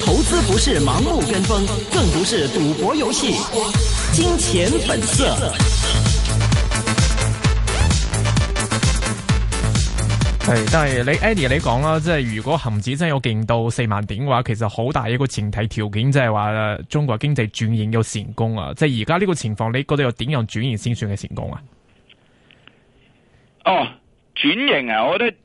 投資不是盲目跟風，更不是賭博遊戲。金錢本色。係，但係你 Eddie 你講啦，即係如果恒指真係有勁到四萬點嘅話，其實好大一個前提條件，即係話中國經濟轉型有成功啊！即係而家呢個情況，你覺得要點樣轉型先算係成功啊？哦，轉型啊，我覺得。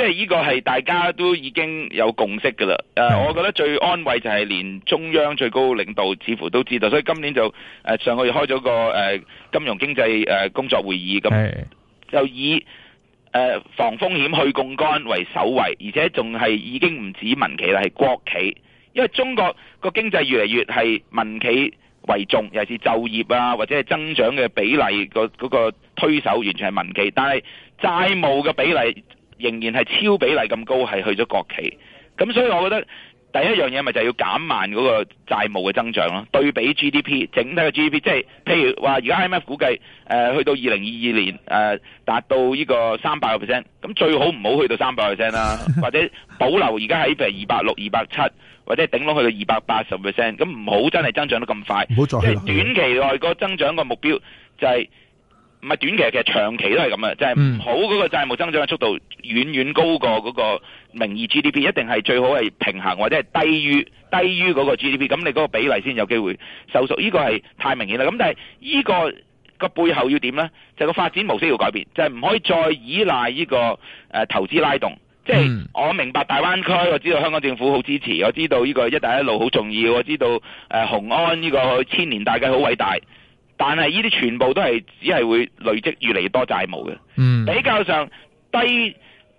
即係呢個係大家都已經有共識噶啦，誒，我覺得最安慰就係連中央最高領導似乎都知道，所以今年就誒上個月開咗個誒金融經濟誒工作會議咁，就以誒防風險去槓桿為首位，而且仲係已經唔止民企啦，係國企，因為中國個經濟越嚟越係民企為重，尤其是就業啊或者係增長嘅比例個嗰個推手完全係民企，但係債務嘅比例。仍然係超比例咁高係去咗國企，咁所以我覺得第一樣嘢咪就係要減慢嗰個債務嘅增長咯。對比 GDP 整體嘅 GDP，即係譬如話而家 IMF 估計誒、呃、去到二零二二年誒達、呃、到呢個三百個 percent，咁最好唔好去到三百個 percent 啦， 或者保留而家喺譬如二百六、二百七，或者頂籠去到二百八十 percent，咁唔好真係增長得咁快。唔好再即係短期內個增長個目標就係、是。唔係短期，其實長期都係咁嘅，就係唔好嗰個債務增長嘅速度遠遠高過嗰個名義 GDP，一定係最好係平衡或者係低於低於嗰個 GDP，咁你嗰個比例先有機會收縮，呢、這個係太明顯啦。咁但係呢、這個、這個背後要點呢？就是、個發展模式要改變，就係、是、唔可以再依賴呢、這個、呃、投資拉動。即、就、係、是、我明白大灣區，我知道香港政府好支持，我知道呢個一帶一路好重要，我知道雄、呃、安呢個千年大計好偉大。但係呢啲全部都係只係會累積越嚟越多債務嘅，比較上低誒、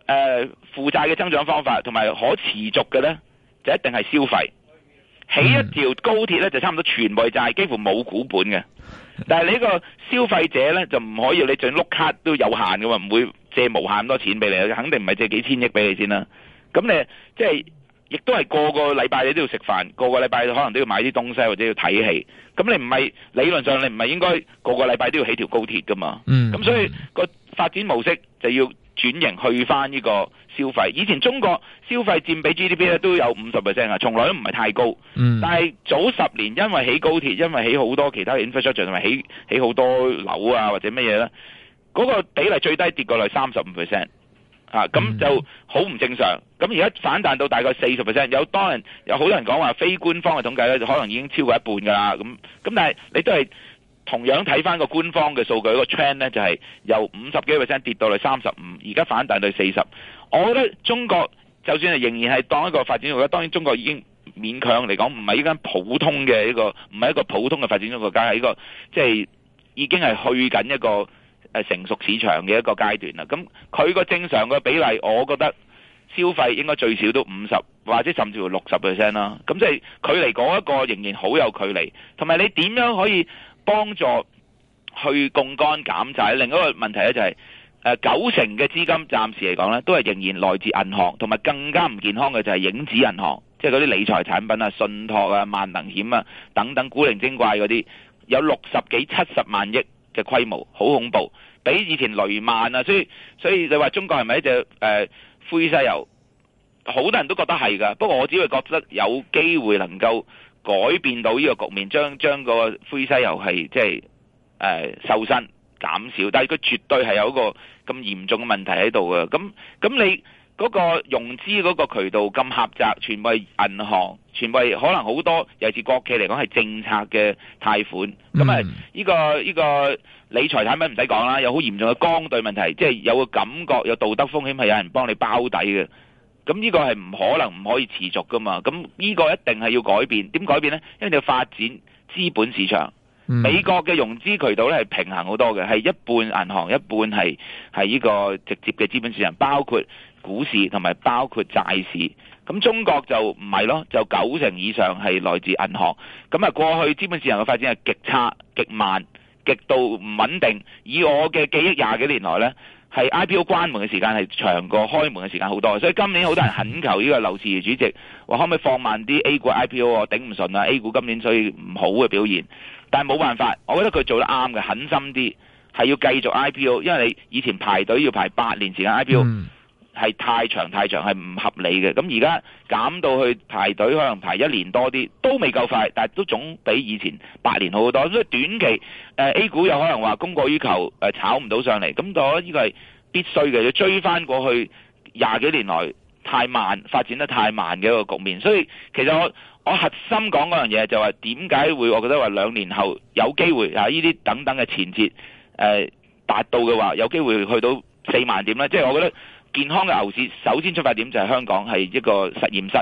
呃、負債嘅增長方法同埋可持續嘅咧，就一定係消費。起一條高鐵咧，就差唔多全部債，幾乎冇股本嘅。但係你呢個消費者咧，就唔可以你盡碌卡都有限嘅嘛，唔會借無限多錢俾你，肯定唔係借幾千億俾你先啦。咁你即係。就是亦都係個個禮拜你都要食飯，個個禮拜可能都要買啲東西或者要睇戲。咁你唔係理論上你唔係應該個個禮拜都要起條高鐵噶嘛？嗯，咁所以個發展模式就要轉型去翻呢個消費。以前中國消費佔比 GDP 咧都有五十 percent 啊，從來都唔係太高。嗯，但係早十年因為起高鐵，因為起好多其他 infrastructure 同埋起起好多樓啊或者乜嘢咧，嗰個比例最低跌過嚟三十五 percent。啊，咁就好唔正常。咁而家反彈到大概四十 percent，有，當人有多人有好多人講話非官方嘅統計咧，就可能已經超過一半㗎啦。咁咁但係你都係同樣睇翻個官方嘅數據，個 trend 咧就係、是、由五十幾 percent 跌到嚟三十五，而家反彈到四十。我覺得中國就算係仍然係當一個發展中國家，當然中國已經勉強嚟講，唔係一間普通嘅一個，唔係一個普通嘅發展中國家，係一個即係已經係去緊一個。就是誒，成熟市場嘅一個階段啦，咁佢個正常嘅比例，我覺得消費應該最少都五十，或者甚至乎六十 percent 啦。咁即係距離嗰一個仍然好有距離，同埋你點樣可以幫助去槓桿減債？就係另一個問題咧、就係，就、呃、係九成嘅資金暫時嚟講咧，都係仍然來自銀行，同埋更加唔健康嘅就係影子銀行，即係嗰啲理財產品啊、信託啊、萬能險啊等等古靈精怪嗰啲，有六十幾七十萬億。嘅規模好恐怖，比以前雷曼啊，所以所以你話中國係咪一隻誒、呃、灰犀牛？好多人都覺得係㗎，不過我只會覺得有機會能夠改變到呢個局面，將將個灰犀牛係即係誒瘦身減少，但係佢絕對係有一個咁嚴重嘅問題喺度㗎。咁咁你。嗰個融資嗰個渠道咁狹窄，全部係銀行，全部係可能好多尤其是國企嚟講係政策嘅貸款，咁咪呢個呢個理財產品唔使講啦，有好嚴重嘅剛兌問題，即係有個感覺有道德風險係有人幫你包底嘅，咁呢個係唔可能唔可以持續噶嘛，咁呢個一定係要改變，點改變呢？因為你要發展資本市場。嗯、美國嘅融資渠道咧係平衡好多嘅，係一半銀行，一半係係依個直接嘅資本市場，包括股市同埋包括債市。咁中國就唔係咯，就九成以上係來自銀行。咁啊，過去資本市場嘅發展係極差、極慢、極度唔穩定。以我嘅記憶，廿幾年來呢，係 IPO 關門嘅時間係長過開門嘅時間好多的。所以今年好多人懇求呢個劉士余主席話可唔可以放慢啲 A 股 IPO 啊？我頂唔順啊！A 股今年所以唔好嘅表現。但係冇辦法，我覺得佢做得啱嘅，狠心啲係要繼續 IPO，因為你以前排隊要排八年前嘅 IPO 係太長太長，係唔合理嘅。咁而家減到去排隊可能排一年多啲，都未夠快，但係都總比以前八年好好多。所以短期、呃、A 股有可能話供過於求，呃、炒唔到上嚟。咁我呢個係必須嘅，要追翻過去廿幾年來太慢，發展得太慢嘅一個局面，所以其實我我核心講嗰樣嘢就話點解會我覺得話兩年後有機會啊呢啲等等嘅前設，誒達到嘅話有機會去到四萬點咧，即係我覺得健康嘅牛市首先出發點就係香港係一個實驗室。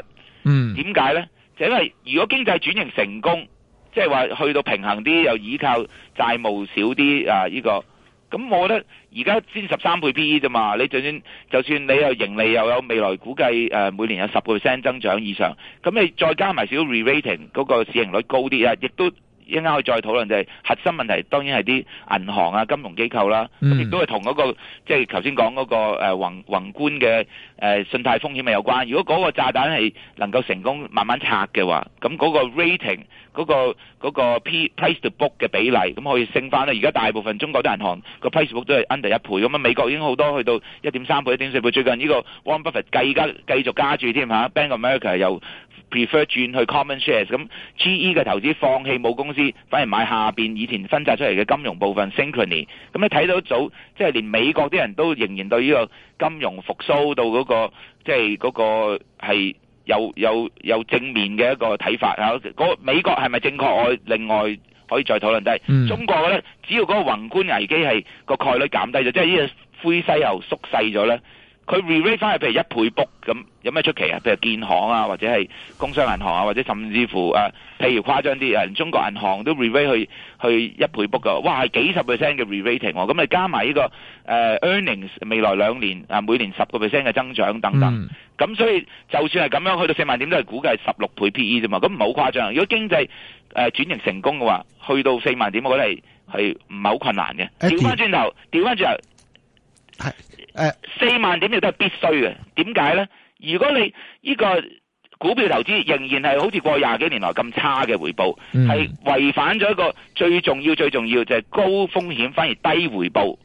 嗯，點解咧？就因為如果經濟轉型成功，即係話去到平衡啲，又依靠債務少啲啊呢個。咁我覺得13而家先十三倍 PE 啫嘛。你就算就算你有盈利又有未來估計每年有十個 percent 增長以上，咁你再加埋少少 re-rating 嗰個市盈率高啲啊，亦都。一陣間可以再討論就係核心問題，當然係啲銀行啊、金融機構啦、啊，亦都係同嗰個即係頭先講嗰個宏、呃、宏觀嘅誒、呃、信貸風險啊有關。如果嗰個炸彈係能夠成功慢慢拆嘅話，咁嗰個 rating、嗰個、嗰、嗰個嗰 price to book 嘅比例，咁可以升翻啦。而家大部分中國啲銀行個 price to book 都係 under 一倍，咁啊美國已經好多去到一點三倍、一點四倍。最近呢個 one Buffett 計，而家繼續加住添嚇，Bank America 又 prefer 轉去 common shares，咁 GE 嘅投資放棄母公司，反而買下邊以前分拆出嚟嘅金融部分 Synchrony，咁你睇到早即係、就是、連美國啲人都仍然對呢個金融復甦到嗰、那個，即係嗰個係有有有正面嘅一個睇法啊！嗰美國係咪正確？我另外可以再討論低。但係中國咧，只要嗰個宏觀危機係、那個概率減低咗，即係呢個灰犀牛縮細咗咧。佢 re-rate 翻係譬如一倍 book 咁，有咩出奇啊？譬如建行啊，或者係工商銀行啊，或者甚至乎誒、啊，譬如誇張啲啊，中國銀行都 re-rate 去去一倍 book 噶，哇，係幾十 percent 嘅 re-rating 喎！咁、啊、你加埋呢、這個誒、呃、earnings 未來兩年啊，每年十個 percent 嘅增長等等，咁、嗯、所以就算係咁樣去到四萬點都係估計十六倍 PE 啫嘛，咁唔係好誇張。如果經濟誒、呃、轉型成功嘅話，去到四萬點我覺得係唔係好困難嘅？調翻轉頭，調翻轉頭，係。Uh, 四萬點你都係必須嘅，點解呢？如果你呢個股票投資仍然係好似過廿幾年來咁差嘅回報，係違、嗯、反咗一個最重要最重要就係高風險反而低回報呢、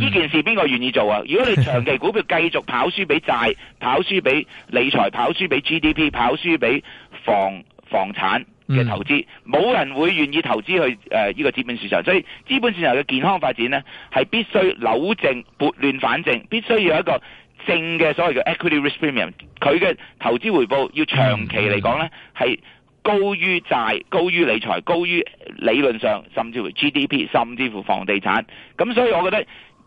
嗯、件事，邊個願意做啊？如果你長期股票繼續跑輸俾債，跑輸俾理財，跑輸俾 GDP，跑輸俾房房產。嘅投資，冇人會願意投資去誒呢、呃呢個資本市場，所以資本市場嘅健康發展呢，係必須扭正撥亂反正，必須要有一個正嘅所謂嘅 equity risk premium，佢嘅投資回報要長期嚟講呢，係高於債、高於理財、高於理論上甚至乎 GDP，甚至乎房地產。咁所以我覺得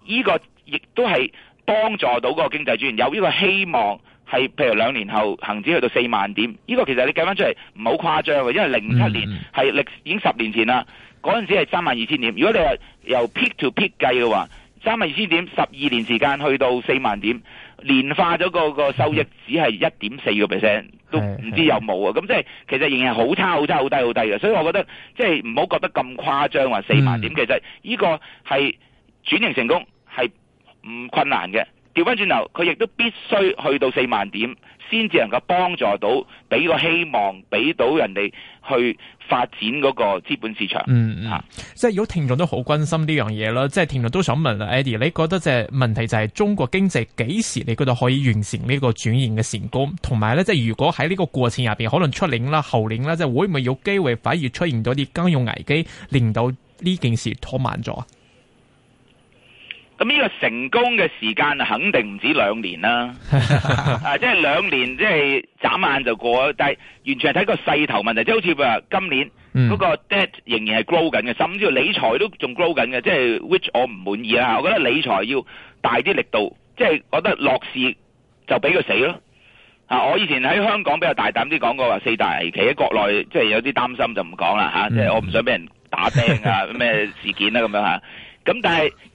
呢個亦都係幫助到個經濟轉型，有呢個希望。係，是譬如兩年後恆指去到四萬點，呢、這個其實你計翻出嚟唔好誇張嘅，因為零七年係歷、嗯、已經十年前啦，嗰陣時係三萬二千點。如果你話由 peak to peak 計嘅話，三萬二千點十二年時間去到四萬點，年化咗個個收益只係一點四個 percent，都唔知有冇啊！咁即係其實仍然係好差好差好低好低嘅，所以我覺得即係唔好覺得咁誇張話四萬點，嗯、其實呢個係轉型成功係唔困難嘅。調翻轉頭，佢亦都必須去到四萬點，先至能夠幫助到，俾個希望，俾到人哋去發展嗰個資本市場。嗯嗯，啊、即係如果聽眾都好關心呢樣嘢啦，即係聽眾都想問阿 Eddie，你覺得即係問題就係中國經濟幾時你覺得可以完成呢個轉型嘅成功？同埋咧，即係如果喺呢個過程入邊，可能出年啦、後年啦，即係會唔會有機會反而出現咗啲金融危機，令到呢件事拖慢咗？咁呢、嗯，這個成功嘅時間肯定唔止兩年啦、啊！ 啊，即係兩年，即係眨眼就過。但係完全係睇個勢頭問題，即係好似話今年嗰、嗯、個 debt 仍然係 grow 緊嘅，甚至乎理財都仲 grow 緊嘅。即係 which 我唔滿意啊。我覺得理財要大啲力度。即係覺得樂視就俾佢死咯、啊、我以前喺香港比較大膽啲講過話四大危機喺國內，即係有啲擔心就唔講啦。即係我唔想俾人打釘啊咩 事件啦、啊、咁樣嚇。咁、啊、但係。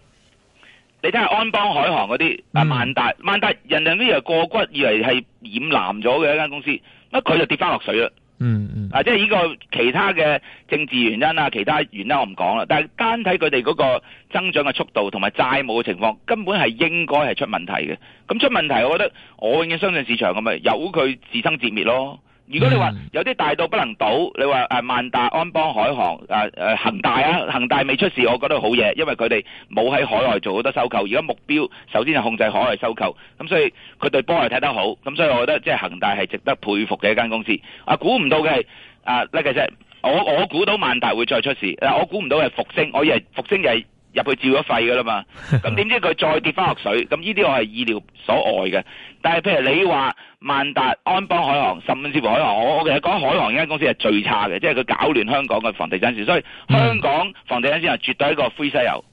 你睇下安邦海航嗰啲啊，萬達、嗯、萬達，人哋呢又過骨，以為係染藍咗嘅一間公司，乜佢就跌翻落水啦、嗯。嗯嗯，啊，即係呢個其他嘅政治原因啊，其他原因我唔講啦。但係單睇佢哋嗰個增長嘅速度同埋債務嘅情況，根本係應該係出問題嘅。咁出問題，我覺得我永遠相信市場咁咪由佢自生自滅咯。如果你話有啲大到不能倒，你話誒萬達、安邦、海航、誒誒恒大啊，恒大未出事，我覺得好嘢，因為佢哋冇喺海外做好多收購，而家目標首先係控制海外收購，咁所以佢對波係睇得好，咁所以我覺得即係恒大係值得佩服嘅一間公司。啊，估唔到嘅係啊，呢個即係我我估到萬達會再出事，但係我估唔到係復星，我以為復星就係。入去照咗肺噶啦嘛，咁點知佢再跌翻落水，咁呢啲我係意料所外嘅。但係譬如你話萬達、安邦、海航，甚至乎海航，我我其實講海航呢間公司係最差嘅，即係佢搞亂香港嘅房地產市。所以香港房地產市係絕對一個灰犀牛，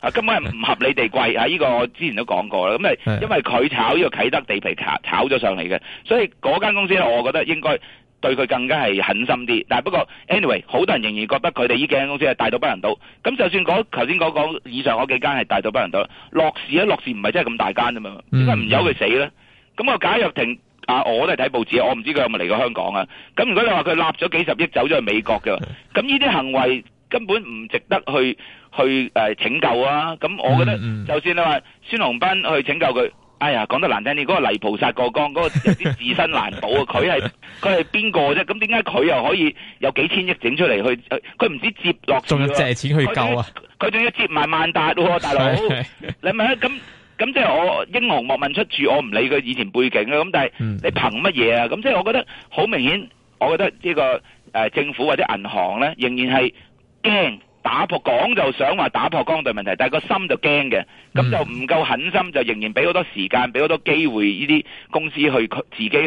啊根本係唔合理地貴啊！呢、呢個我之前都講過啦。咁、啊、誒，因為佢炒呢個啟德地皮炒咗上嚟嘅，所以嗰間公司咧，我覺得應該。對佢更加係狠心啲，但係不過 anyway，好多人仍然覺得佢哋呢幾間公司係大到不能倒。咁就算嗰頭先講以上嗰幾間係大到不能倒，樂視啊，樂視唔係真係咁大間啫嘛，點解唔由佢死咧？咁賈躍亭啊，我都係睇報紙，我唔知佢有冇嚟過香港啊。咁如果你話佢攞咗幾十億走咗去美國嘅，咁呢啲行為根本唔值得去去誒拯救啊。咁我覺得，就算你話孫宏斌去拯救佢。哎呀，講得難聽啲，嗰、那個泥菩薩過江，嗰、那、啲、個、自身難保啊！佢係佢係邊個啫？咁點解佢又可以有幾千億整出嚟去？佢唔知接落，仲要借錢去救啊！佢仲要接埋萬達咯、啊，大佬， 你咪咁咁即係我英雄莫問出處，我唔理佢以前背景啊。咁但係你憑乜嘢啊？咁即係我覺得好明顯，我覺得呢、這個誒、呃、政府或者銀行咧，仍然係驚。打破講就想話打破剛兌問題，但係個心就驚嘅，咁就唔夠狠心，就仍然俾好多時間，俾好多機會呢啲公司去自己去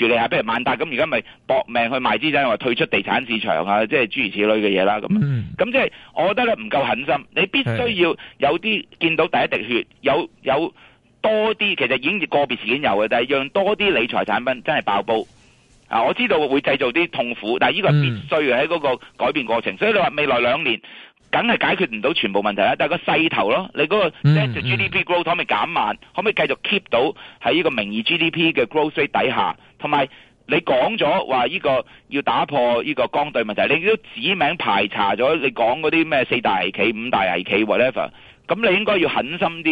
處理下，譬如萬達咁，而家咪搏命去賣資產，話退出地產市場啊，即係諸如此類嘅嘢啦。咁，咁即係我覺得咧，唔夠狠心，你必須要有啲見到第一滴血，有有多啲其實已經個別事件有嘅，但係讓多啲理財產品真係爆煲。啊！我知道會製造啲痛苦，但係呢個必須嘅喺嗰個改變過程。嗯、所以你話未來兩年，梗係解決唔到全部問題啦。但係個勢頭咯，你嗰個 GDP growth、嗯、可唔可以減慢？可唔可以繼續 keep 到喺呢個名義 GDP 嘅 growth rate 底下？同埋你講咗話呢個要打破呢個剛兌問題，你都指名排查咗你講嗰啲咩四大危企、五大危企 whatever。咁你應該要狠心啲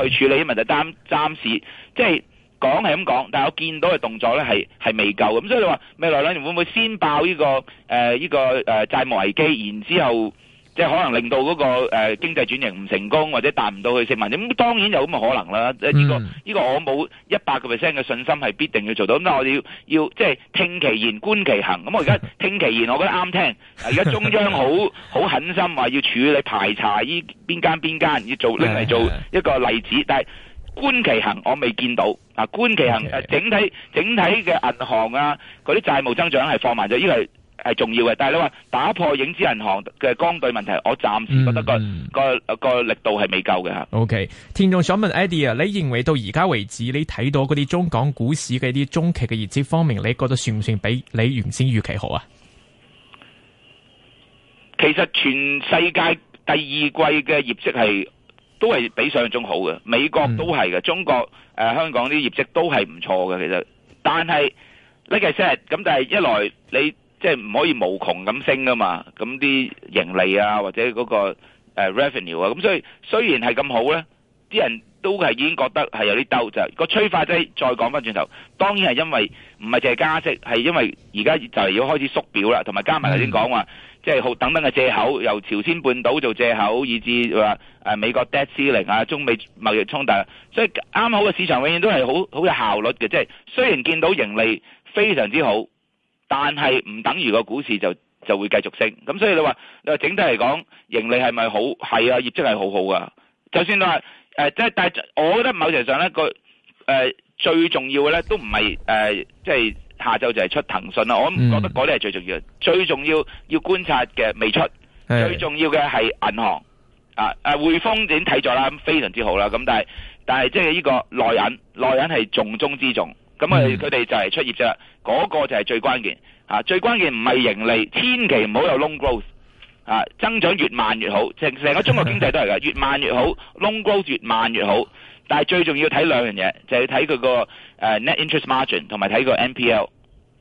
去處理啲個問題。暫暫時即係。講係咁講，但係我見到嘅動作咧係係未夠咁，所以你話未來兩年會唔會先爆呢、呢個誒呢、呃呢個誒、呃、債務危機，然之後即係可能令到嗰、嗰個誒、呃、經濟轉型唔成功或者達唔到佢。四萬咁當然有咁嘅可能啦。即係呢個呢、呢個我冇一百個 percent 嘅信心係必定要做到，咁但係我要要即係聽其言觀其行。咁我而家聽其言，我覺得啱聽。而家中央好好 狠心，話要處理排查呢邊間邊間，要做拎嚟做一個例子，但係。觀其行，我未見到啊！觀其行，整體 Okay. 整體嘅銀行啊，嗰啲債務增長係放慢咗，呢個係重要嘅。但係你話打破影子銀行嘅剛兌問題，我暫時覺得個、嗯、個個，個力度係未夠嘅吓。O K，聽眾想問 Eddie 啊，你認為到而家為止，你睇到嗰啲中港股市嘅啲中期嘅業績方面，你覺得算唔算比你原先預期好啊？其實全世界第二季嘅業績係都係比想像中好嘅，美國都係嘅，中國誒，香港啲業績都係唔錯嘅其實。但係呢個 set 咁，但係一來你即係唔可以無窮咁升㗎嘛，咁啲盈利啊或者嗰個誒 revenue 啊，咁所以雖然係咁好咧，啲人都係已經覺得係有啲兜就個催化劑。再講返轉頭，當然係因為唔係淨係加息，係因為而家就係要開始縮表啦，同埋加埋頭先講話。即係好等等嘅借口，由朝鮮半島做借口，以至美國 debt ceiling 啊，中美貿易衝突，所以啱好嘅市場永遠都係好好有效率嘅，即係雖然見到盈利非常之好，但係唔等於個股市就就會繼續升。咁所以你話你話整體嚟講，盈利係咪好係啊？業績係好好噶，就算你話即係但係我覺得某程度上咧，個、呃、最重要嘅咧都唔係即係。呃就是下晝就係出騰訊啦，我唔覺得嗰啲係最重要，要的是最重要要觀察嘅未出，最重要嘅係銀行啊，誒、啊、匯豐已經睇咗啦，非常之好啦，咁但係但係即係呢個內銀，內銀係重中之重，咁啊佢哋就係出業績嗰、嗯、個就係最關鍵啊，最關鍵唔係盈利，千祈唔好有 loan growth 啊，增長越慢越好，成成個中國經濟都係噶，越慢越好，loan growth 越慢越好。但係最重要睇兩樣嘢，就係睇佢個 net interest margin 同埋睇個 NPL。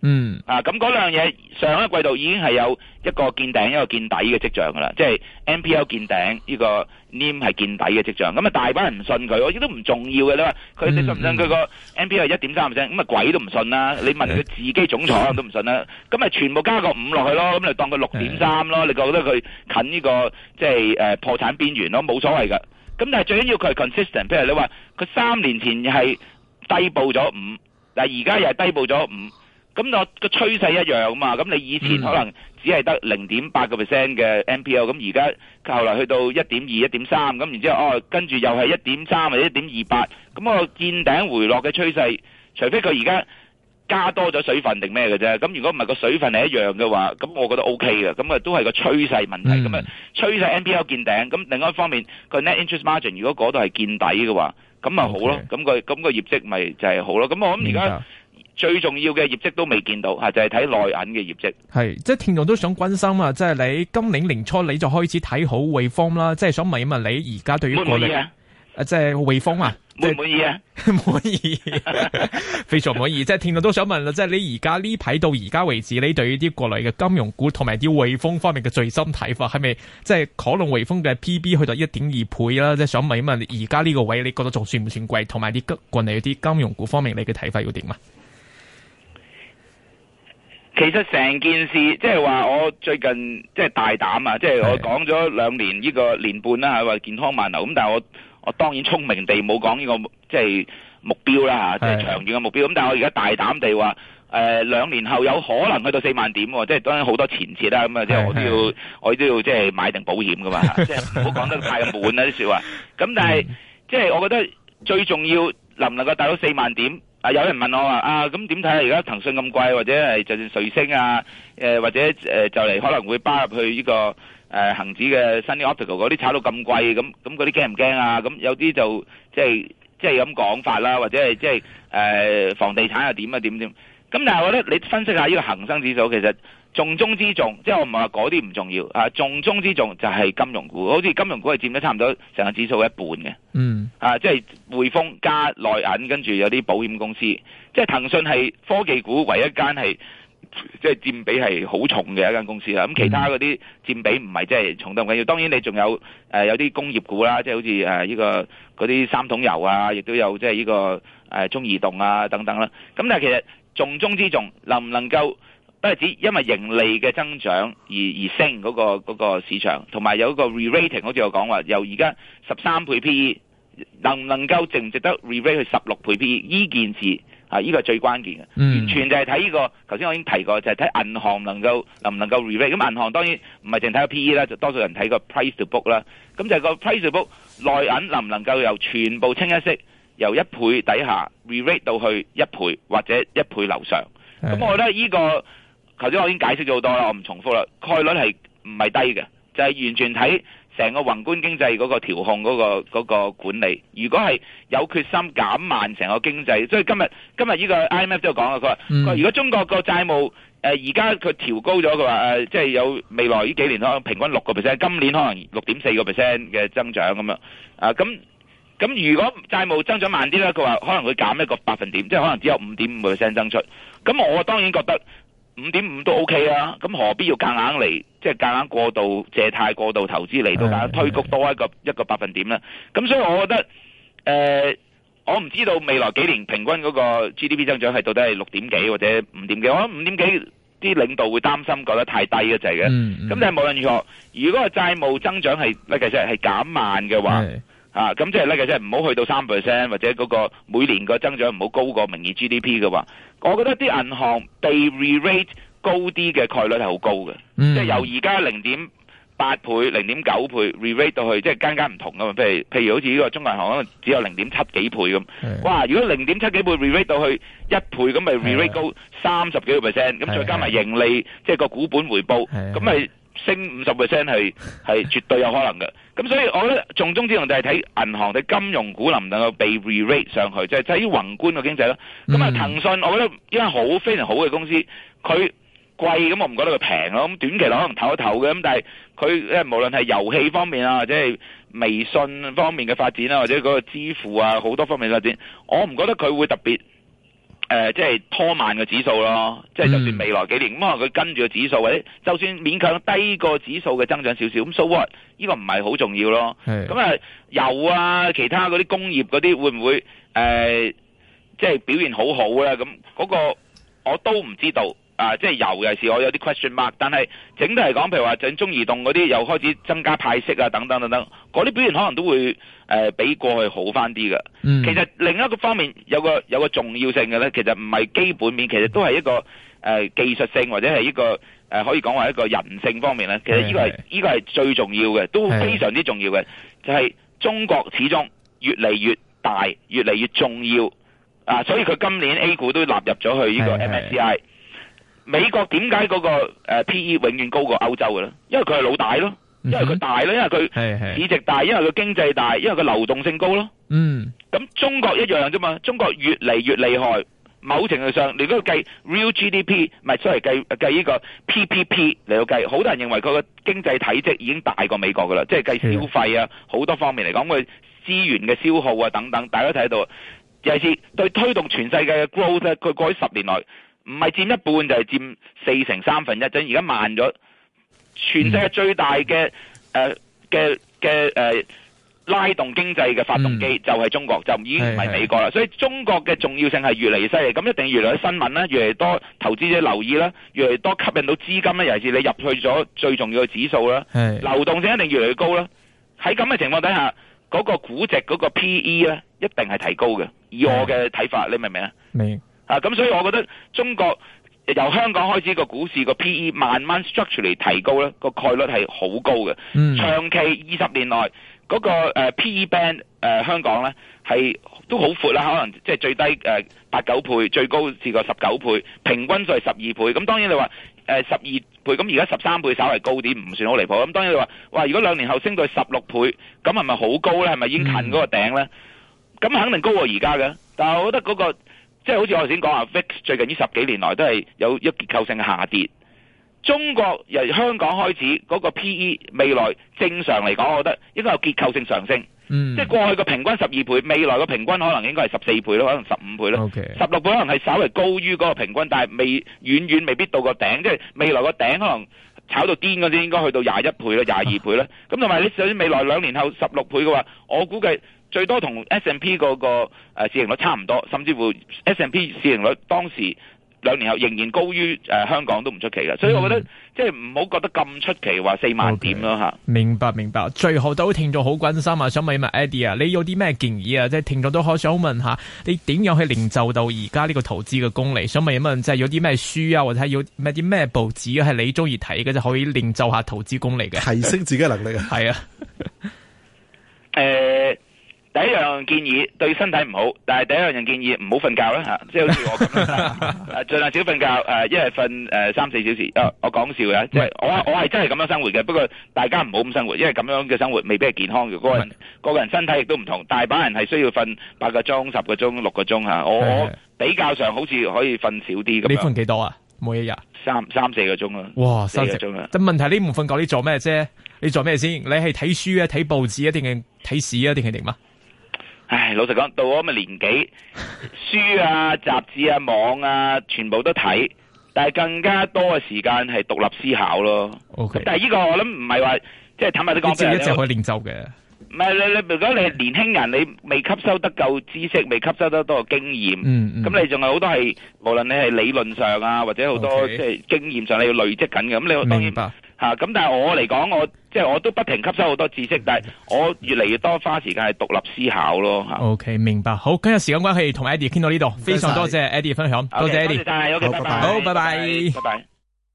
嗯。啊，咁嗰兩樣嘢上一個季度已經係有一個見頂一個見底嘅跡象噶啦，即係 NPL 見頂，呢個 NIM 係見底嘅跡象。咁啊，大班人唔信佢，我覺得都唔重要嘅啦。佢你，你信唔信佢個 NPL 一點三唔 e 咁啊鬼都唔信啦！你問佢自己總裁都唔信啦。咁咪全部加個五落去咯，咁你當佢六點三咯。你覺得佢近呢個即係、呃、破產邊緣咯，冇所謂噶。咁但係最緊要佢係 consistent，譬如你話佢三年前係低報咗五，嗱而家又係低報咗五，咁我個趨勢一樣啊嘛。咁你以前可能只係得零點八個 percent 嘅 NPL，咁而家後嚟去到一點二、一點三，咁然之後哦，跟住又係一點三或者一點二八，咁我見頂回落嘅趨勢，除非佢而家加多咗水分定咩嘅啫？咁如果唔係個水分係一樣嘅話，咁我覺得 OK 嘅，咁啊都係個趨勢問題。咁啊趨勢 NPL 見頂，咁另外一方面，個 net interest margin 如果嗰度係見底嘅話，咁咪好咯。咁個咁個業績咪就係好咯。咁我諗而家最重要嘅業績都未見到，啊，就係睇內銀嘅業績。係，即係聽眾都想關心啊，即係你今年年初你就開始睇好匯豐啦。即係想問一問你，而家對於匯豐，啊，即係匯豐啊。就是滿唔滿意啊，唔滿 意，非常滿意。即係聽到都想問啦，即係你而家呢排到而家為止，你對於啲國內嘅金融股同埋啲匯豐方面嘅最新睇法，係咪即係可能匯豐嘅 P B 去到一點二倍啦？即係想問一問，而家呢個位你覺得仲算唔算貴？同埋啲金國內啲金融股方面，你嘅睇法要點啊？其實成件事即係話，就是、我最近即係大膽啊，即係我講咗兩年呢個，年半啦，係話健康慢牛。咁但係我。我當然聰明地冇講呢個即係目標啦嚇，即係長遠嘅目標。咁但係我而家大膽地話，誒兩年後有可能去到四萬點喎，即係當然好多前設啦。咁啊，即係我都要，我都要即係買定保險㗎嘛，即係唔好講得太滿啦啲説話。咁但係即係我覺得最重要能唔能夠達到四萬點？啊有人問我話啊，咁點睇啊？而家騰訊咁貴，或者係就算瑞星啊，誒或者誒就嚟可能會包入去呢個。誒恆、呃、指嘅 Sunny Optical 嗰啲炒到咁貴，咁咁嗰啲驚唔驚啊？咁有啲就即係即係咁講法啦，或者係即係誒房地產又點啊點點、啊。咁但係我覺得你分析下呢個恒生指數其實重中之重，即係我唔係話嗰啲唔重要啊，重中之重就係金融股，好似金融股係佔咗差唔多成個指數一半嘅。嗯啊，即係匯豐加內銀，跟住有啲保險公司，即係騰訊係科技股唯一間係。即係佔比係好重嘅一間公司啦，咁其他嗰啲佔比唔係即係重得咁緊要。當然你仲有誒、呃、有啲工業股啦，即係好似誒呢個嗰啲三桶油啊，亦都有即係呢、這個誒、呃、中移動啊等等啦。咁但係其實重中之重能唔能夠唔止因為盈利嘅增長而而升嗰、那個那個市場，同埋有一個 re-rating，好似我講話由而家十三倍 PE，能唔能夠值唔值得 re-rate 去十六倍 PE？呢件事。啊！依、這個最關鍵嘅，完全就係睇呢個。頭先我已經提過，就係睇銀行能夠能唔能夠 re-rate。咁銀、嗯、行當然唔係淨睇個 P/E 啦，就多數人睇個 price to book 啦。咁就係個 price to book 內銀能唔能夠由全部清一色由一倍底下 re-rate 到去一倍或者一倍樓上。咁是的 我覺得呢、這個頭先我已經解釋咗好多啦，我唔重複啦。概率係唔係低嘅？係完全睇成個宏觀經濟嗰個調控嗰、嗰個、嗰個管理。如果係有決心減慢成個經濟，所以今日今日呢個 IMF 都有講啊。佢話、嗯、如果中國個債務誒而家佢調高咗，佢話誒即係有未來呢幾年可能平均六個 percent，今年可能六點四個 percent 嘅增長咁樣。啊咁咁，如果債務增長慢啲咧，佢話可能會減一個百分點，即係可能只有五點五個 percent 增出。咁我當然覺得。五點五都 OK 啊，咁何必要夾硬嚟？即係夾硬過度借貸過度投資嚟到夾推局多一個一個百分點咧。咁所以我覺得，誒、呃，我唔知道未來幾年平均嗰個 GDP 增長係到底係六點幾或者五點幾。我諗五點幾啲領導會擔心覺得太低一就嘅。咁、嗯嗯、但係無論如何，如果個債務增長係其實係減慢嘅話。啊，咁即係呢嘅，即係唔好去到三 percent 或者嗰個每年個增長唔好高過名義 GDP 嘅話，我覺得啲銀行被 re-rate 高啲嘅概率係好高嘅，即係、嗯、由而家零點八倍、零點九倍 re-rate 到去，即係間間唔同㗎嘛。譬如譬如好似呢個中銀行可能只有零點七幾倍咁，的哇！如果零點七幾倍 re-rate 到去一倍咁，咪 re-rate 高三十幾個 percent，咁再加埋盈利，即係的個股本回報，咁咪的。升五十 percent 係係絕對有可能嘅。咁所以我覺得重中之重就係睇銀行嘅金融股能唔能夠被 re-rate 上去，就係至於宏觀嘅經濟咯。咁啊，騰訊，我覺得因為好非常好嘅公司，佢貴，咁我唔覺得佢平咯，咁短期內可能唞一唞嘅，咁但係佢即係無論係遊戲方面啊，或者係微信方面嘅發展啊，或者嗰個支付啊好多方面嘅發展，我唔覺得佢會特別。誒、呃、即係拖慢嘅指數咯，即係就算未來幾年咁可能佢跟住個指數或者就算勉強低個指數嘅增長少少，咁 so what？呢個唔係好重要咯。咁啊的，油啊，其他嗰啲工業嗰啲會唔會誒、呃、即係表現好好咧？咁、那、嗰、個、我都唔知道。啊，即係尤其是，我有啲 question mark。但係整體嚟講，譬如話整中移動嗰啲又開始增加派息啊，等等等等，嗰啲表現可能都會誒、呃、比過去好翻啲㗎。嗯、其實另一個方面有個有個重要性嘅咧，其實唔係基本面，其實都係一個誒、呃、技術性或者係一個誒、呃、可以講話一個人性方面咧。其實呢個係呢是是 個係最重要嘅，都非常之重要嘅。是是就係中國始終越嚟越大，越嚟越重要啊！所以佢今年 A 股都納入咗去呢個 MSCI。美國點解嗰個誒 P E 永遠高過歐洲嘅咧？因為佢係老大咯，因為佢大咯、嗯哼，因為佢市值大，因為佢經濟大，因為佢流動性高咯。嗯，咁中國一樣啫嘛。中國越嚟越厲害，某程度上，如果計 Real GDP，咪出嚟計計計呢個 PPP 嚟到計，好多人認為佢個經濟體積已經大過美國噶啦，即係計消費啊，好、嗯、多方面嚟講，佢資源嘅消耗啊等等，大家睇到尤其是對推動全世界嘅 growth，佢過去十年內。唔係佔一半就係、是、佔四成三分一，即係而家慢咗。全世界最大嘅誒嘅嘅誒拉動經濟嘅發動機就係中國，嗯、就已經唔係美國啦。所以中國嘅重要性係越嚟越犀利，咁一定越嚟越新聞啦，越嚟越多投資者留意啦，越嚟越多吸引到資金啦。尤其是你入去咗最重要嘅指數啦，是流動性一定越嚟越高啦。喺咁嘅情況底下，嗰、那個估值，嗰、那個 PE 咧，一定係提高嘅。以我嘅睇法，是你明唔明啊？明。啊，咁所以我覺得中國由香港開始個股市個 P E 慢慢 structure 嚟提高咧，個概率係好高嘅。嗯、長期二十年內嗰、個、呃、P E band 誒、呃、香港咧係都好闊啦、啊，可能即係最低誒八九倍，最高至過十九倍，平均數係十二倍。咁當然你話誒十二倍，咁而家十三倍稍微高啲，唔算好離譜。咁當然你話哇，如果兩年後升到十六倍，咁係咪好高咧？係咪已經近嗰個頂咧？咁、嗯、肯定高過而家嘅，但係我覺得嗰、個。即係好似我頭先講話 VIX 最近呢十幾年來都係有一結構性嘅下跌。中國由香港開始嗰個 PE 未來正常嚟講，我覺得應該有結構性上升。嗯、即係過去個平均十二倍，未來個平均可能應該係十四倍咯，可能十五倍咯，十六 Okay. 倍可能係稍微高於嗰個平均，但係未遠遠未必到個頂，即係未來個頂可能炒到癲嗰啲應該去到廿一倍囉，廿二倍啦。咁同埋你首先未來兩年後十六倍嘅話，我估計。最多同 S&P 嗰個市盈率差唔多，甚至乎 S&P 市盈率當時兩年後仍然高於香港都唔出奇嘅，所以我覺得、嗯、即係唔好覺得咁出奇話四萬點咯吓 Okay，明白明白，最後都好聽眾好關心啊，想問一問 Eddie 啊，你有啲咩建議啊？即係聽眾都可想問下，你點樣去練就到而家呢個投資嘅功力？想問一問，即係、就是、有啲咩書啊，或者有咩啲咩報紙係你中意睇嘅就可以練就下投資功力嘅，提升自己嘅能力啊。係啊，第一樣建議對身體唔好，但係第一樣人建議唔好瞓覺啦吓，即係好似我咁啦，盡、 啊、量少瞓覺誒、啊，一日瞓誒三四小時。我講笑嘅，即係是我是的 我係真係咁樣生活嘅。不過大家唔好咁生活，因為咁樣嘅生活未必係健康嘅。個人是的 個人身體亦都唔同，大把人係需要瞓八個鐘、十個鐘、六個鐘吓、啊。我比較上好似可以瞓少啲咁。你瞓幾多啊？每一日三三四個鐘咯、啊。哇，三四個鐘啊！咁問題你唔瞓覺你做咩啫、啊？你做咩先、啊？你係睇書啊？睇報紙啊？定係睇市啊？定係點嘛？唉，老實講，到咁嘅年紀， 書啊、雜誌啊、網啊，全部都睇，但係更加多嘅時間係獨立思考咯。Okay. 但係呢個我諗唔係話，即係坦白啲講，即係一直可以練習嘅。唔係你你，你，如果你係年輕人，你未吸收得夠知識，未吸收得多嘅經驗，咁、嗯嗯、你仲有好多係，無論你係理論上啊，或者好多即係 Okay. 經驗上你要累積緊嘅。咁你白當然吓，咁但係我嚟講我。即係我都不停吸收好多知識，但係我越嚟越多花時間去獨立思考咯 OK 明白，好，今日時間關係同 Eddie 傾到呢度，非常多謝 Eddie 分享，謝謝多謝 okay, Eddie，多謝 okay, 拜拜，好、oh,，拜拜、oh,，拜拜、oh,。Bye bye。